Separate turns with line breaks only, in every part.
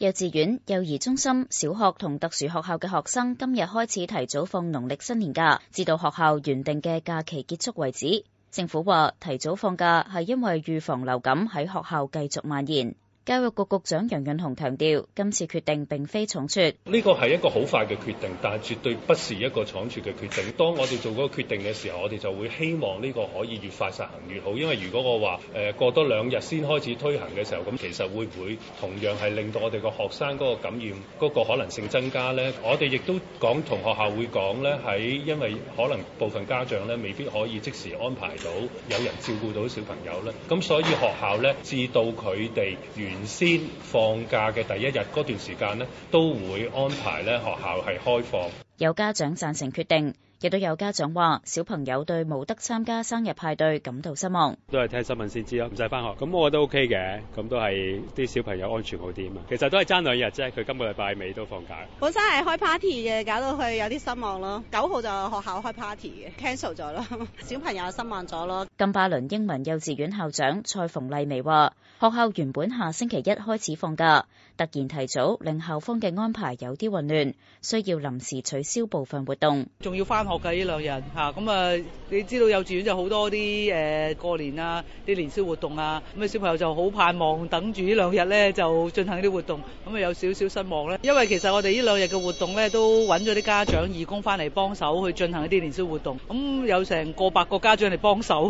幼稚園、幼兒中心、小學同特殊學校嘅學生今日開始提早放農曆新年假，至到學校原定嘅假期結束為止。政府話提早放假係因為預防流感喺學校繼續蔓延。教育局局長楊潤雄強調，今次決定並非倉卒，
呢個係一個好快嘅決定，但係絕對不是一個倉卒嘅決定。當我哋做個決定嘅時候，我哋就會希望呢個可以越快實行越好。因為如果我話誒過多兩日先開始推行嘅時候，咁其實會唔會同樣係令到我哋個學生嗰個感染嗰個可能性增加呢？我哋亦都講同學校會講呢，喺因為可能部分家長呢未必可以即時安排到有人照顧到小朋友咧，咁所以學校呢，至到佢哋完。先放假嘅第一日嗰段時間咧，都會安排咧學校係開放。
有家長贊成決定。亦都有家長話：小朋友對冇得參加生日派對感到失望。
都係聽
新聞先知咯，唔使翻學。咁我都 OK 嘅，咁都係啲小朋友安全好啲啊嘛。其實都係爭
兩日啫，佢今個禮拜尾都放假。
本身係開 party 嘅，搞到佢有啲失望咯。九號就學校開 party 嘅，cancel 咗囉。小朋友失望咗咯。
金巴倫英文幼稚園校長蔡馮麗薇話：學校原本下星期一開始放假，突然提早令校方嘅安排有啲混亂，需要臨時取消部分活動。仲
要翻學噶呢兩日嚇，咁啊，你知道幼稚園就好多啲誒、呃、過年啊，啲年宵活動啊，咁啊小朋友就好盼望等住呢兩日咧就進行啲活動，咁啊有少少失望咧，因為其實我哋呢兩日嘅活動咧都揾咗啲家長義工翻嚟幫手去進行一啲年宵活動，咁有成過百個家長嚟幫手，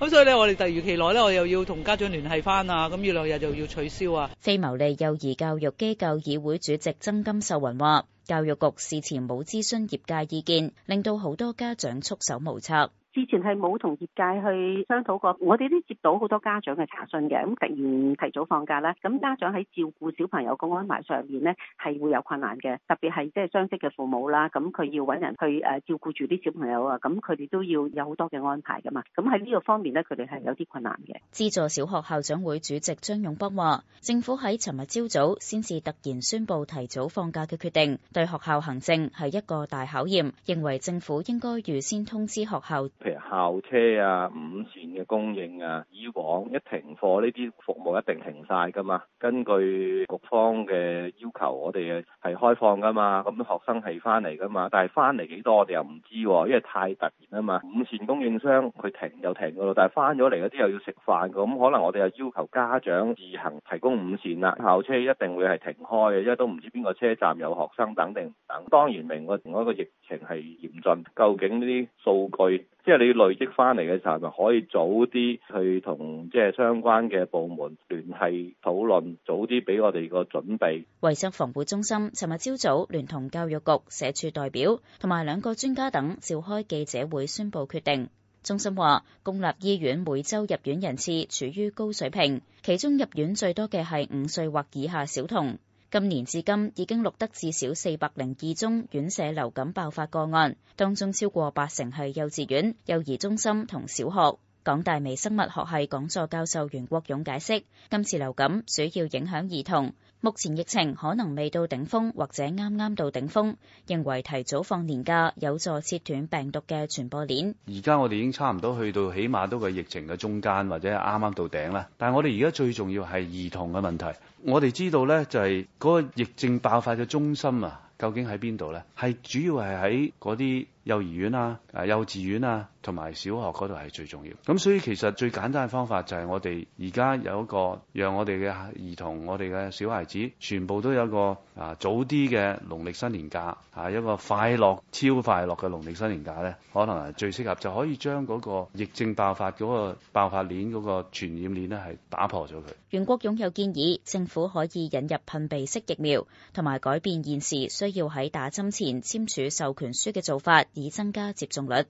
咁所以咧我哋突如其來咧，我又要同家長聯繫翻啊，咁呢兩日就要取消啊。
非牟利幼兒教育機構議會主席曾金秀雲話。教育局事前冇諮詢業界意見，令到好多家長束手無策。
之前係冇同業界去商討過，我哋都接到好多家長嘅查詢嘅。咁突然提早放假啦。咁家長喺照顧小朋友嘅安排上面呢，係會有困難嘅，特別係即係雙職嘅父母啦。咁佢要揾人去誒照顧住啲小朋友啊，咁佢哋都要有好多嘅安排噶嘛。咁喺呢個方面呢，佢哋係有啲困難
嘅。資助小學校長會主席張勇邦話，政府喺尋日朝早先至突然宣布提早放假嘅決定，對學校行政係一個大考驗，認為政府應該預先通知學校。譬
如校車啊、五線嘅供應啊，以往一停課，呢啲服務一定停晒噶嘛。根據局方嘅要求，我哋係開放噶嘛，咁、嗯、學生係翻嚟噶嘛。但係翻嚟幾多我哋又唔知，啊，因為太突然啊嘛。五線供應商佢停就停噶咯，但係翻咗嚟嗰啲又要食飯，咁、嗯、可能我哋又要求家長自行提供五線啦。校車一定會係停開嘅，因為都唔知邊個車站有學生等定等。當然明個另外一個疫情係嚴峻，究竟呢啲數據？即係你累積翻嚟嘅時候，就可以早啲去同即係相關嘅部門聯繫討論，早啲俾我哋個準備。
衞生防護中心尋日朝早聯同教育局社署代表同埋兩個專家等召開記者會，宣布決定。中心話公立醫院每週入院人次處於高水平，其中入院最多嘅係五歲或以下小童。今年至今已經錄得至少四百零二宗院舍流感爆發個案，當中超過八成係幼稚園、幼兒中心同小學。港大微生物學系講座教授袁國勇解釋：今次流感主要影響兒童，目前疫情可能未到頂峰或者啱啱到頂峰，認為提早放年假有助切斷病毒嘅傳播鏈。
而家我哋已經差唔多去到起碼都個疫情嘅中間或者啱啱到頂啦，但係我哋而家最重要係兒童嘅問題。我哋知道咧，就係嗰個疫症爆發嘅中心啊，究竟喺邊度咧？係主要係喺嗰啲。幼兒園啊、誒幼稚園啊，同埋小學嗰度係最重要。咁所以其實最簡單嘅方法就係我哋而家有一個，讓我哋嘅兒童、我哋嘅小孩子，全部都有一個啊早啲嘅農曆新年假，係一個快樂超快樂嘅農曆新年假咧，可能係最適合就可以將嗰個疫症爆發嗰、嗰個爆發鏈嗰、嗰個傳染鏈呢，係打破咗佢。
袁國勇又建議政府可以引入噴鼻式疫苗，同埋改變現時需要喺打針前簽署授權書嘅做法。以增加接種率。